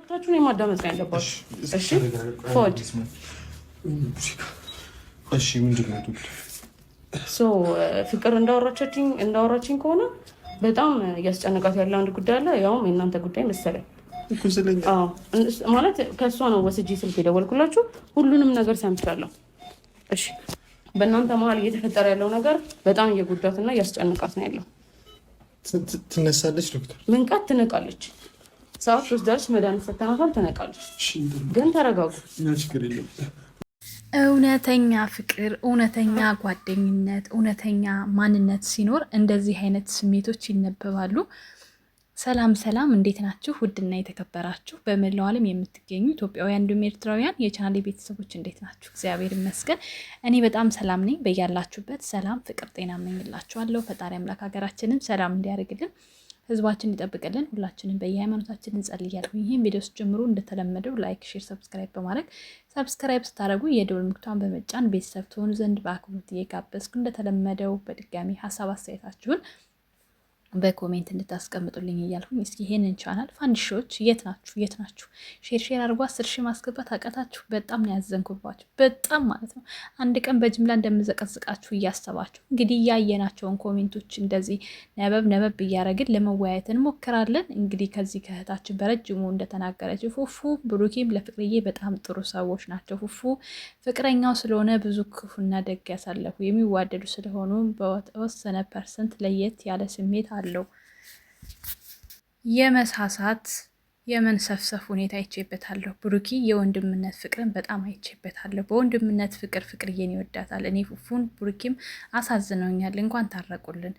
መብታችሁን የማዳመጥ ያለባችሁ እሺ። ምንድን ነው ፍቅር እንዳወራችኝ እንዳወራችኝ ከሆነ በጣም እያስጨነቃት ያለ አንድ ጉዳይ አለ። ያውም የእናንተ ጉዳይ መሰለኝ ማለት ከእሷ ነው ወስጄ ስልክ የደወልኩላችሁ። ሁሉንም ነገር ሰምቻለሁ። እሺ፣ በእናንተ መሀል እየተፈጠረ ያለው ነገር በጣም እየጎዳትና እያስጨነቃት ነው ያለው። ትነሳለች ዶክተር፣ ምንቃት ትንቃለች ሰዓት ደርስ መድኃኒት ሰተናታል፣ ተነቃለች። ግን ተረጋጉ። እውነተኛ ፍቅር፣ እውነተኛ ጓደኝነት፣ እውነተኛ ማንነት ሲኖር እንደዚህ አይነት ስሜቶች ይነበባሉ። ሰላም ሰላም፣ እንዴት ናችሁ? ውድና የተከበራችሁ በመላው ዓለም የምትገኙ ኢትዮጵያውያን እንዲሁም ኤርትራውያን የቻናሌ ቤተሰቦች እንዴት ናችሁ? እግዚአብሔር ይመስገን እኔ በጣም ሰላም ነኝ። በያላችሁበት ሰላም፣ ፍቅር፣ ጤና እመኝላችኋለሁ። ፈጣሪ አምላክ ሀገራችንን ሰላም እንዲያደርግልን ህዝባችን ይጠብቅልን። ሁላችንም በየሃይማኖታችን እንጸልያለሁ። ይህም ቪዲዮ ስጀምሩ እንደተለመደው ላይክ፣ ሼር፣ ሰብስክራይብ በማድረግ ሰብስክራይብ ስታደረጉ የደወል ምልክቷን በመጫን ቤተሰብ ትሆኑ ዘንድ በአክብሮት እየጋበዝኩ እንደተለመደው በድጋሚ ሀሳብ አስተያየታችሁን በኮሜንት እንድታስቀምጡልኝ እያልኩኝ እስኪ ይሄንን ቻናል ፋንዲሾች የት ናችሁ? የት ናችሁ? ሼር ሼር አድርጎ አስር ሺህ ማስገባት አቃታችሁ። በጣም ነው ያዘንኩባችሁ። በጣም ማለት ነው አንድ ቀን በጅምላ እንደምዘቀዝቃችሁ እያሰባችሁ እንግዲህ እያየናቸውን ኮሜንቶች እንደዚህ ነበብ ነበብ እያደረግን ለመወያየት እንሞክራለን። እንግዲህ ከዚህ ከእህታችን በረጅሙ እንደተናገረችው ፉፉ ብሩኪም ለፍቅርዬ በጣም ጥሩ ሰዎች ናቸው። ፉፉ ፍቅረኛው ስለሆነ ብዙ ክፉና ደግ ያሳለፉ የሚዋደዱ ስለሆኑ በተወሰነ ፐርሰንት ለየት ያለ ስሜት አለው። የመሳሳት የመንሰፍሰፍ ሁኔታ አይቼበታለሁ። ብሩኪ የወንድምነት ፍቅርን በጣም አይቼበታለሁ። በወንድምነት ፍቅር ፍቅርዬን ይወዳታል። እኔ ፉፉን ብሩኪም አሳዝነውኛል። እንኳን ታረቁልን፣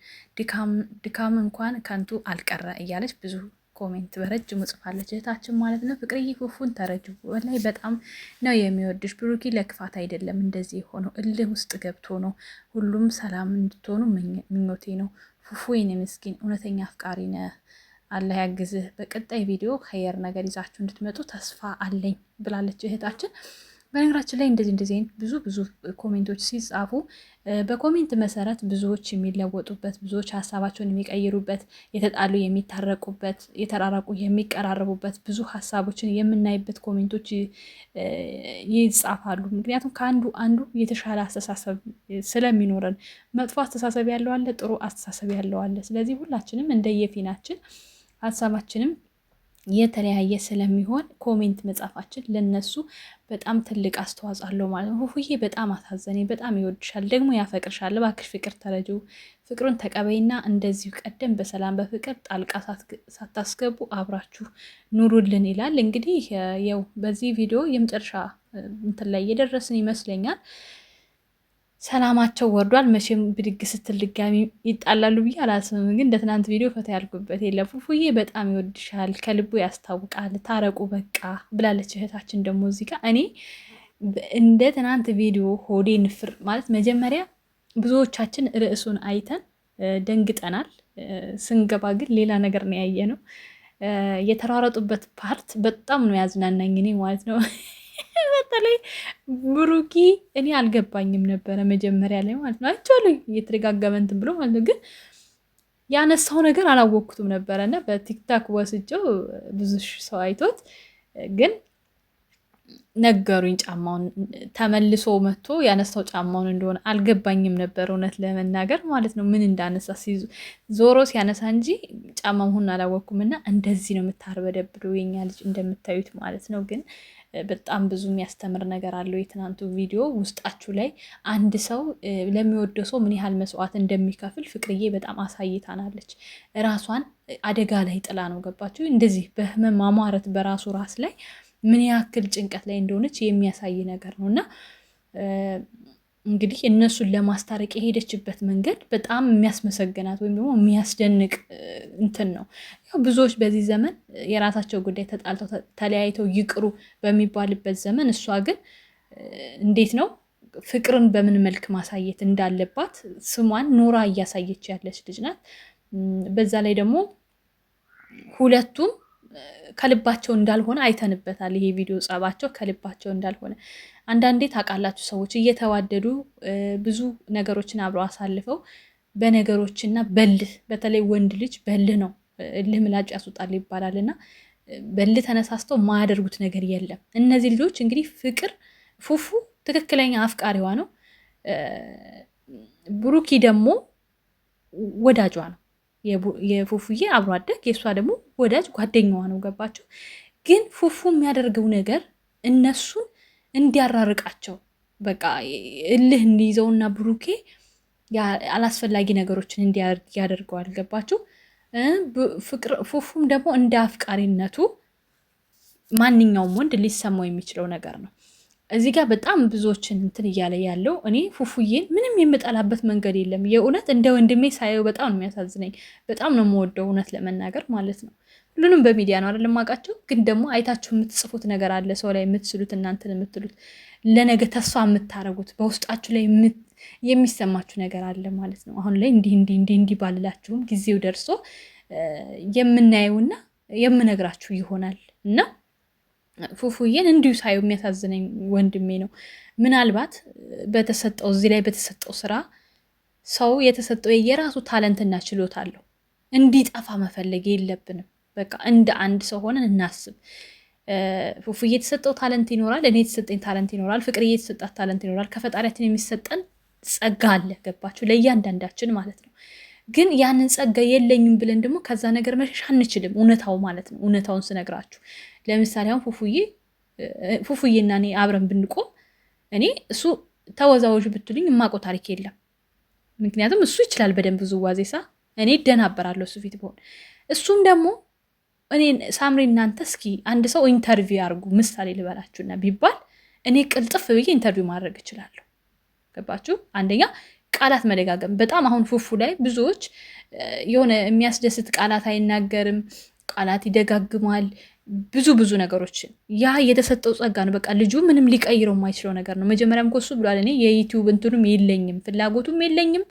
ድካም እንኳን ከንቱ አልቀረ እያለች ብዙ ኮሜንት በረጅሙ ጽፋለች እህታችን ማለት ነው። ፍቅርዬ ፉፉን ተረጅ ላይ በጣም ነው የሚወድሽ። ብሩኪ ለክፋት አይደለም እንደዚህ የሆነው እልህ ውስጥ ገብቶ ነው። ሁሉም ሰላም እንድትሆኑ ምኞቴ ነው። እፎይን ምስኪን እውነተኛ አፍቃሪ ነ አላህ ያግዝህ። በቀጣይ ቪዲዮ ከየር ነገር ይዛችሁ እንድትመጡ ተስፋ አለኝ ብላለች እህታችን። በነገራችን ላይ እንደዚህ እንደዚህ አይነት ብዙ ብዙ ኮሜንቶች ሲጻፉ በኮሜንት መሰረት ብዙዎች የሚለወጡበት ብዙዎች ሀሳባቸውን የሚቀይሩበት የተጣሉ የሚታረቁበት የተራራቁ የሚቀራረቡበት ብዙ ሀሳቦችን የምናይበት ኮሜንቶች ይጻፋሉ። ምክንያቱም ከአንዱ አንዱ የተሻለ አስተሳሰብ ስለሚኖረን መጥፎ አስተሳሰብ ያለው አለ፣ ጥሩ አስተሳሰብ ያለው አለ። ስለዚህ ሁላችንም እንደየፊናችን ሀሳባችንም የተለያየ ስለሚሆን ኮሜንት መጻፋችን ለነሱ በጣም ትልቅ አስተዋጽኦ አለው ማለት ነው። ሁዬ በጣም አሳዘኔ፣ በጣም ይወድሻል፣ ደግሞ ያፈቅርሻል። እባክሽ ፍቅር ተረጂው ፍቅሩን ተቀበይና እንደዚሁ ቀደም በሰላም በፍቅር ጣልቃ ሳታስገቡ አብራችሁ ኑሩልን ይላል። እንግዲህ ያው በዚህ ቪዲዮ የመጨረሻ እንትን ላይ የደረስን ይመስለኛል። ሰላማቸው ወርዷል። መቼም ብድግ ስትል ድጋሚ ይጣላሉ ብዬ አላስብም። ግን እንደ ትናንት ቪዲዮ ፈታ ያልኩበት የለም። ፉፉዬ በጣም ይወድሻል፣ ከልቡ ያስታውቃል፣ ታረቁ በቃ ብላለች እህታችን። ደግሞ እዚህ ጋር እኔ እንደ ትናንት ቪዲዮ ሆዴ ንፍር ማለት መጀመሪያ ብዙዎቻችን ርዕሱን አይተን ደንግጠናል። ስንገባ ግን ሌላ ነገር ነው ያየ ነው የተሯረጡበት ፓርት በጣም ነው ያዝናናኝ እኔ ማለት ነው በተለይ ብሩኪ እኔ አልገባኝም ነበረ መጀመሪያ ላይ ማለት ነው። አይቼዋለሁ እየተደጋገመ እንትን ብሎ ማለት ነው ግን ያነሳው ነገር አላወቅኩትም ነበረ እና በቲክታክ ወስጄው ብዙ ሰው አይቶት ግን ነገሩኝ። ጫማውን ተመልሶ መጥቶ ያነሳው ጫማውን እንደሆነ አልገባኝም ነበር እውነት ለመናገር ማለት ነው። ምን እንዳነሳ ዞሮ ሲያነሳ እንጂ ጫማ መሆኑን አላወቅኩም። እና እንደዚህ ነው የምታርበደብዱ የኛ ልጅ እንደምታዩት ማለት ነው። ግን በጣም ብዙ የሚያስተምር ነገር አለው የትናንቱ ቪዲዮ። ውስጣችሁ ላይ አንድ ሰው ለሚወደው ሰው ምን ያህል መስዋዕት እንደሚከፍል ፍቅርዬ በጣም አሳይታናለች። ራሷን አደጋ ላይ ጥላ ነው ገባችሁ። እንደዚህ በህመም ማሟረት በራሱ ራስ ላይ ምን ያክል ጭንቀት ላይ እንደሆነች የሚያሳይ ነገር ነው እና እንግዲህ እነሱን ለማስታረቅ የሄደችበት መንገድ በጣም የሚያስመሰግናት ወይም ደግሞ የሚያስደንቅ እንትን ነው። ያው ብዙዎች በዚህ ዘመን የራሳቸው ጉዳይ ተጣልተው ተለያይተው ይቅሩ በሚባልበት ዘመን እሷ ግን እንዴት ነው ፍቅርን በምን መልክ ማሳየት እንዳለባት ስሟን ኖራ እያሳየች ያለች ልጅ ናት። በዛ ላይ ደግሞ ሁለቱም ከልባቸው እንዳልሆነ አይተንበታል። ይሄ ቪዲዮ ጸባቸው ከልባቸው እንዳልሆነ አንዳንዴ ታውቃላችሁ፣ ሰዎች እየተዋደዱ ብዙ ነገሮችን አብረው አሳልፈው በነገሮችና በልህ በተለይ ወንድ ልጅ በልህ ነው እልህ ምላጭ ያስወጣል ይባላል እና በልህ ተነሳስተው ማያደርጉት ነገር የለም። እነዚህ ልጆች እንግዲህ ፍቅር ፉፉ ትክክለኛ አፍቃሪዋ ነው፣ ብሩኪ ደግሞ ወዳጇ ነው። የፉፉዬ አብሮ አደግ የእሷ ደግሞ ወዳጅ ጓደኛዋ ነው። ገባቸው። ግን ፉፉ የሚያደርገው ነገር እነሱን እንዲያራርቃቸው በቃ እልህ እንዲይዘውና ብሩኬ አላስፈላጊ ነገሮችን እንዲያደርግ ያደርገዋል። ገባችሁ? ፉፉም ደግሞ እንደ አፍቃሪነቱ ማንኛውም ወንድ ሊሰማው የሚችለው ነገር ነው። እዚህ ጋር በጣም ብዙዎችን እንትን እያለ ያለው እኔ ፉፉዬን ምንም የምጠላበት መንገድ የለም። የእውነት እንደ ወንድሜ ሳየው በጣም ነው የሚያሳዝነኝ። በጣም ነው የምወደው እውነት ለመናገር ማለት ነው። ሁሉንም በሚዲያ ነው አይደለም አውቃቸው፣ ግን ደግሞ አይታችሁ የምትጽፉት ነገር አለ ሰው ላይ የምትስሉት እናንተን የምትሉት ለነገ ተስፋ የምታደርጉት በውስጣችሁ ላይ የሚሰማችሁ ነገር አለ ማለት ነው። አሁን ላይ እንዲህ እንዲህ እንዲህ እንዲህ ባልላችሁም ጊዜው ደርሶ የምናየውና የምነግራችሁ ይሆናል እና ፉፉዬን እንዲሁ ሳየው የሚያሳዝነኝ ወንድሜ ነው። ምናልባት በተሰጠው እዚህ ላይ በተሰጠው ስራ ሰው የተሰጠው የራሱ ታለንትና ችሎታ አለው። እንዲጠፋ መፈለግ የለብንም። በቃ እንደ አንድ ሰው ሆነን እናስብ። ፉፉዬ የተሰጠው ታለንት ይኖራል፣ እኔ የተሰጠኝ ታለንት ይኖራል፣ ፍቅርዬ የተሰጣት ታለንት ይኖራል። ከፈጣሪያችን የሚሰጠን ጸጋ አለ። ገባችሁ? ለእያንዳንዳችን ማለት ነው። ግን ያንን ጸጋ የለኝም ብለን ደግሞ ከዛ ነገር መሸሽ አንችልም። እውነታው ማለት ነው። እውነታውን ስነግራችሁ ለምሳሌ አሁን ፉፉዬ ፉፉዬና እኔ አብረን ብንቆም እኔ እሱ ተወዛዋዥ ብትሉኝ የማውቀው ታሪክ የለም። ምክንያቱም እሱ ይችላል በደንብ ውዝዋዜ ሳ እኔ እደናበራለሁ እሱ ፊት በሆን እሱም ደግሞ እኔ ሳምሪ እናንተ እስኪ አንድ ሰው ኢንተርቪው ያርጉ ምሳሌ ልበላችሁና ቢባል እኔ ቅልጥፍ ብዬ ኢንተርቪው ማድረግ እችላለሁ። ገባችሁ? አንደኛ ቃላት መደጋገም በጣም አሁን ፉፉ ላይ ብዙዎች የሆነ የሚያስደስት ቃላት አይናገርም፣ ቃላት ይደጋግማል፣ ብዙ ብዙ ነገሮችን ያ የተሰጠው ጸጋ ነው። በቃ ልጁ ምንም ሊቀይረው የማይችለው ነገር ነው። መጀመሪያም እኮ እሱ ብሏል፣ እኔ የዩቲዩብ እንትኑም የለኝም፣ ፍላጎቱም የለኝም፣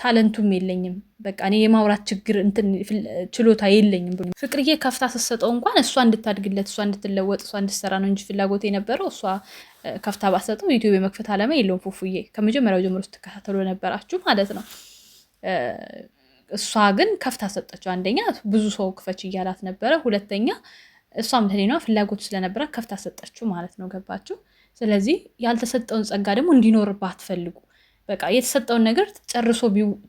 ታለንቱም የለኝም፣ በቃ እኔ የማውራት ችግር ችሎታ የለኝም ብሎ ፍቅርዬ ከፍታ ስትሰጠው እንኳን እሷ እንድታድግለት፣ እሷ እንድትለወጥ፣ እሷ እንድትሰራ ነው እንጂ ፍላጎት የነበረው እሷ ከፍታ ባሰጠው ዩቲዩብ የመክፈት አለማ የለውም። ፉፉዬ ከመጀመሪያው ጀምሮ ስትከታተሉ ነበራችሁ ማለት ነው። እሷ ግን ከፍታ ሰጠችው። አንደኛ ብዙ ሰው ክፈች እያላት ነበረ፣ ሁለተኛ እሷም ለሌላ ፍላጎት ስለነበረ ከፍታ ሰጠችው ማለት ነው። ገባችሁ? ስለዚህ ያልተሰጠውን ጸጋ ደግሞ እንዲኖር ባትፈልጉ በቃ የተሰጠውን ነገር ጨርሶ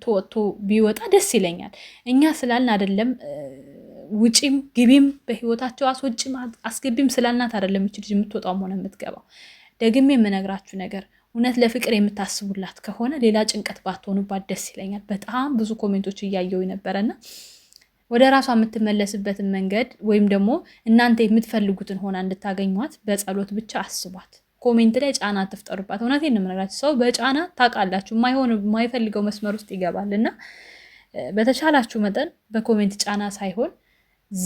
ተወጥቶ ቢወጣ ደስ ይለኛል። እኛ ስላልን አይደለም ውጪም ግቢም በህይወታቸው አስወጪም አስገቢም ስላልናት አይደለም ይች ልጅ የምትወጣውም ሆነ የምትገባው። ደግሜ የምነግራችሁ ነገር እውነት ለፍቅር የምታስቡላት ከሆነ ሌላ ጭንቀት ባትሆኑባት ደስ ይለኛል። በጣም ብዙ ኮሜንቶች እያየው ነበረና ወደ ራሷ የምትመለስበትን መንገድ ወይም ደግሞ እናንተ የምትፈልጉትን ሆና እንድታገኟት በጸሎት ብቻ አስቧት። ኮሜንት ላይ ጫና ትፍጠሩባት። እውነቴን ነው የምነግራችሁ። ሰው በጫና ታውቃላችሁ፣ የማይሆን የማይፈልገው መስመር ውስጥ ይገባል እና በተቻላችሁ መጠን በኮሜንት ጫና ሳይሆን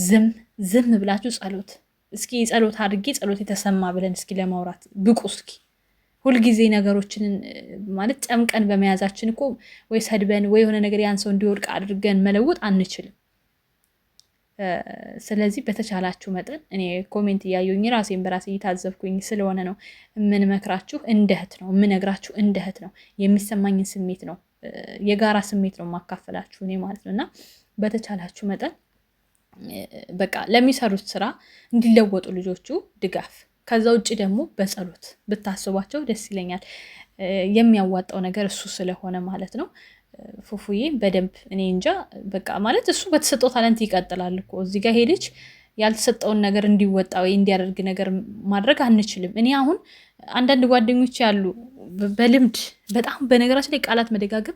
ዝም ዝም ብላችሁ ጸሎት እስኪ ጸሎት አድርጌ ጸሎት የተሰማ ብለን እስኪ ለማውራት ብቁ እስኪ ሁልጊዜ ነገሮችን ማለት ጨምቀን በመያዛችን እኮ ወይ ሰድበን ወይ የሆነ ነገር ያን ሰው እንዲወድቅ አድርገን መለወጥ አንችልም። ስለዚህ በተቻላችሁ መጠን እኔ ኮሜንት እያየኝ ራሴን በራሴ እየታዘብኩኝ ስለሆነ ነው የምንመክራችሁ። እንደ እህት ነው የምነግራችሁ፣ እንደ እህት ነው የሚሰማኝን ስሜት ነው የጋራ ስሜት ነው የማካፈላችሁ እኔ ማለት ነው። እና በተቻላችሁ መጠን በቃ ለሚሰሩት ስራ እንዲለወጡ ልጆቹ ድጋፍ ከዛ ውጭ ደግሞ በጸሎት ብታስቧቸው ደስ ይለኛል። የሚያዋጣው ነገር እሱ ስለሆነ ማለት ነው። ፉፉዬ በደንብ እኔ እንጃ በቃ ማለት እሱ በተሰጠው ታለንት ይቀጥላል እኮ እዚህ ጋር ሄደች ያልተሰጠውን ነገር እንዲወጣ ወይ እንዲያደርግ ነገር ማድረግ አንችልም። እኔ አሁን አንዳንድ ጓደኞች ያሉ በልምድ በጣም በነገራችን ላይ ቃላት መደጋገም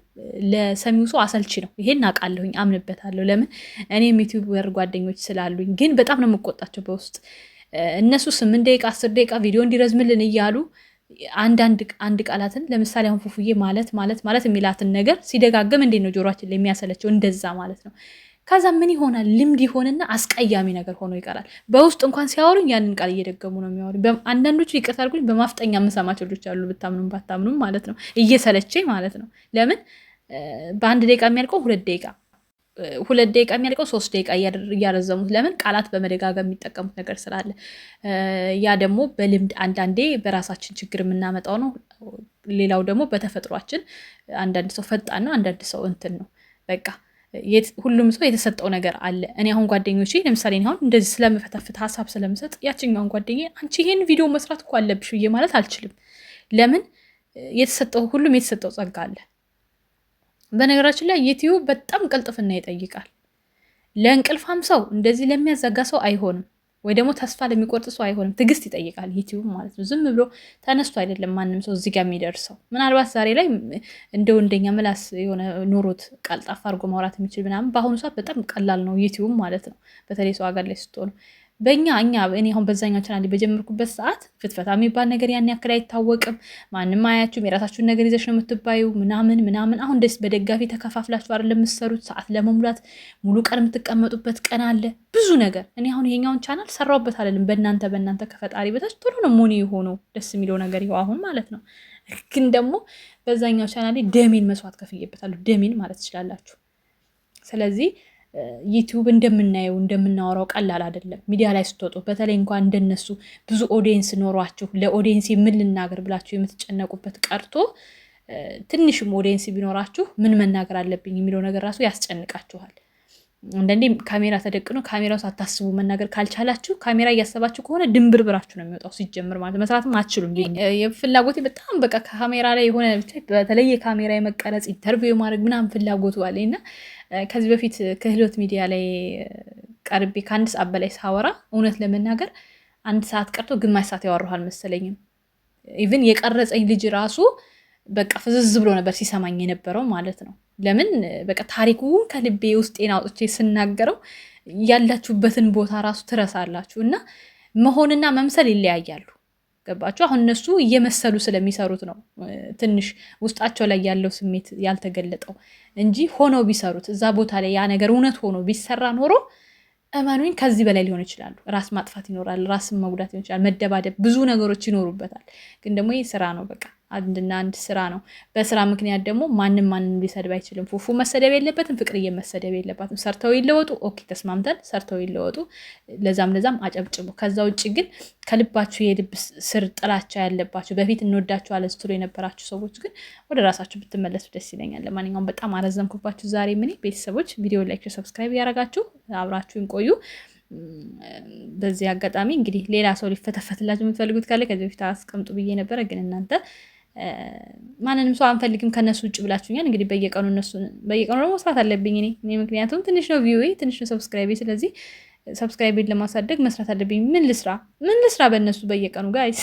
ለሰሚው ሰው አሰልቺ ነው። ይሄን አውቃለሁኝ፣ አምንበታለሁ። ለምን እኔም ዩቲዩበር ጓደኞች ስላሉኝ፣ ግን በጣም ነው የምቆጣቸው በውስጥ እነሱ ስምንት ደቂቃ አስር ደቂቃ ቪዲዮ እንዲረዝምልን እያሉ አንዳንድ አንድ ቃላትን ለምሳሌ አሁን ፉፉዬ ማለት ማለት ማለት የሚላትን ነገር ሲደጋግም እንዴት ነው ጆሯችን የሚያሰለቸው? እንደዛ ማለት ነው። ከዛ ምን ይሆናል? ልምድ ይሆንና አስቀያሚ ነገር ሆኖ ይቀራል። በውስጥ እንኳን ሲያወሩኝ ያንን ቃል እየደገሙ ነው የሚያወሩ። አንዳንዶቹ ይቅርታ አድርጉኝ፣ በማፍጠኛ የምሰማቸው ልጆች አሉ፣ ብታምኑም ባታምኑም ማለት ነው። እየሰለቸኝ ማለት ነው። ለምን በአንድ ደቂቃ የሚያልቀው ሁለት ደቂቃ ሁለት ደቂቃ የሚያልቀው ሶስት ደቂቃ እያረዘሙት። ለምን ቃላት በመደጋገም የሚጠቀሙት ነገር ስላለ፣ ያ ደግሞ በልምድ አንዳንዴ በራሳችን ችግር የምናመጣው ነው። ሌላው ደግሞ በተፈጥሯችን አንዳንድ ሰው ፈጣን ነው፣ አንዳንድ ሰው እንትን ነው። በቃ ሁሉም ሰው የተሰጠው ነገር አለ። እኔ አሁን ጓደኞች ለምሳሌ አሁን እንደዚህ ስለምፈተፍት ሀሳብ ስለምሰጥ ያችኛውን ጓደኛ አንቺ ይሄን ቪዲዮ መስራት እኮ አለብሽ ብዬ ማለት አልችልም። ለምን የተሰጠው ሁሉም የተሰጠው ጸጋ አለ። በነገራችን ላይ ዩቲዩብ በጣም ቅልጥፍና ይጠይቃል። ለእንቅልፋም ሰው እንደዚህ ለሚያዘጋ ሰው አይሆንም፣ ወይ ደግሞ ተስፋ ለሚቆርጥ ሰው አይሆንም። ትዕግስት ይጠይቃል ዩቲዩብ ማለት ነው። ዝም ብሎ ተነስቶ አይደለም ማንም ሰው እዚጋ የሚደርሰው። ምናልባት ዛሬ ላይ እንደው እንደኛ ምላስ የሆነ ኖሮት ቀልጣፋ አድርጎ ማውራት የሚችል ምናምን፣ በአሁኑ ሰዓት በጣም ቀላል ነው ዩቲዩብ ማለት ነው። በተለይ ሰው ሀገር ላይ ስትሆኑ በእኛ እኛ እኔ አሁን በዛኛው ቻናል በጀመርኩበት ሰዓት ፍትፈታ የሚባል ነገር ያን ያክል አይታወቅም። ማንም አያችሁም። የራሳችሁን ነገር ይዘሽ ነው የምትባዩ ምናምን ምናምን። አሁን ደስ በደጋፊ ተከፋፍላችሁ አይደል የምትሰሩት። ሰዓት ለመሙላት ሙሉ ቀን የምትቀመጡበት ቀን አለ፣ ብዙ ነገር። እኔ አሁን ይሄኛውን ቻናል ሰራውበት አይደለም። በእናንተ በእናንተ ከፈጣሪ በታች ቶሎ ነው ሞኒ የሆነው ደስ የሚለው ነገር ይኸው አሁን ማለት ነው። ግን ደግሞ በዛኛው ቻናሌ ደሜን መስዋዕት ከፍዬበታለሁ። ደሜን ማለት ትችላላችሁ። ስለዚህ ዩቲዩብ እንደምናየው እንደምናወራው ቀላል አይደለም። ሚዲያ ላይ ስትወጡ በተለይ እንኳን እንደነሱ ብዙ ኦዲየንስ ኖሯችሁ ለኦዲየንስ ምን ልናገር ብላችሁ የምትጨነቁበት ቀርቶ ትንሽም ኦዲየንስ ቢኖራችሁ ምን መናገር አለብኝ የሚለው ነገር ራሱ ያስጨንቃችኋል። አንዳንዴ ካሜራ ተደቅኖ ካሜራው ሳታስቡ መናገር ካልቻላችሁ ካሜራ እያሰባችሁ ከሆነ ድንብር ብራችሁ ነው የሚወጣው። ሲጀምር ማለት መስራትም አችሉም። የፍላጎቴ በጣም በቃ ካሜራ ላይ የሆነ በተለየ ካሜራ የመቀረጽ ኢንተርቪው የማድረግ ምናምን ፍላጎቱ አለኝ እና ከዚህ በፊት ከህልወት ሚዲያ ላይ ቀርቤ ከአንድ ሰዓት በላይ ሳወራ እውነት ለመናገር አንድ ሰዓት ቀርቶ ግማሽ ሰዓት ያወራሁ አልመሰለኝም። ኢቭን የቀረጸኝ ልጅ ራሱ በቃ ፍዝዝ ብሎ ነበር ሲሰማኝ የነበረው ማለት ነው። ለምን በቃ ታሪኩ ከልቤ ውስጤን አውጥቼ ስናገረው ያላችሁበትን ቦታ ራሱ ትረሳላችሁ እና መሆንና መምሰል ይለያያሉ። ገባችሁ? አሁን እነሱ እየመሰሉ ስለሚሰሩት ነው ትንሽ ውስጣቸው ላይ ያለው ስሜት ያልተገለጠው እንጂ ሆነው ቢሰሩት እዛ ቦታ ላይ ያ ነገር እውነት ሆኖ ቢሰራ ኖሮ እመኑኝ ከዚህ በላይ ሊሆን ይችላሉ። ራስ ማጥፋት ይኖራል፣ ራስን መጉዳት ይችላል፣ መደባደብ፣ ብዙ ነገሮች ይኖሩበታል። ግን ደግሞ ይህ ስራ ነው በቃ አንድና አንድ ስራ ነው። በስራ ምክንያት ደግሞ ማንም ማንም ሊሰድብ አይችልም። ፉፉ መሰደብ የለበትም፣ ፍቅርዬ መሰደብ የለባትም። ሰርተው ይለወጡ። ኦኬ ተስማምተን ሰርተው ይለወጡ። ለዛም ለዛም አጨብጭቡ። ከዛ ውጭ ግን ከልባችሁ የልብ ስር ጥላቻ ያለባችሁ በፊት እንወዳችኋለን ስትሉ የነበራችሁ ሰዎች ግን ወደ ራሳችሁ ብትመለሱ ደስ ይለኛል። ለማንኛውም በጣም አረዘምኩባችሁ ዛሬ። ምን ቤተሰቦች ቪዲዮ ላይክ፣ ሰብስክራይብ እያረጋችሁ አብራችሁን ቆዩ። በዚህ አጋጣሚ እንግዲህ ሌላ ሰው ሊፈተፈትላችሁ የምትፈልጉት ካለ ከዚህ በፊት አስቀምጡ ብዬ ነበረ ግን እናንተ ማንንም ሰው አንፈልግም ከነሱ ውጭ ብላችሁኛል። እንግዲህ በየቀኑ እነሱ በየቀኑ ደግሞ መስራት አለብኝ እኔ እኔ ምክንያቱም ትንሽ ነው ቪዌ ትንሽ ነው ሰብስክራይቤ። ስለዚህ ሰብስክራይቤን ለማሳደግ መስራት አለብኝ። ምን ልስራ ምን ልስራ በእነሱ በየቀኑ ጋይስ።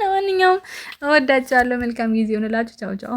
ለማንኛውም እወዳቸዋለሁ። መልካም ጊዜ ሆንላችሁ። ቻው ቻው።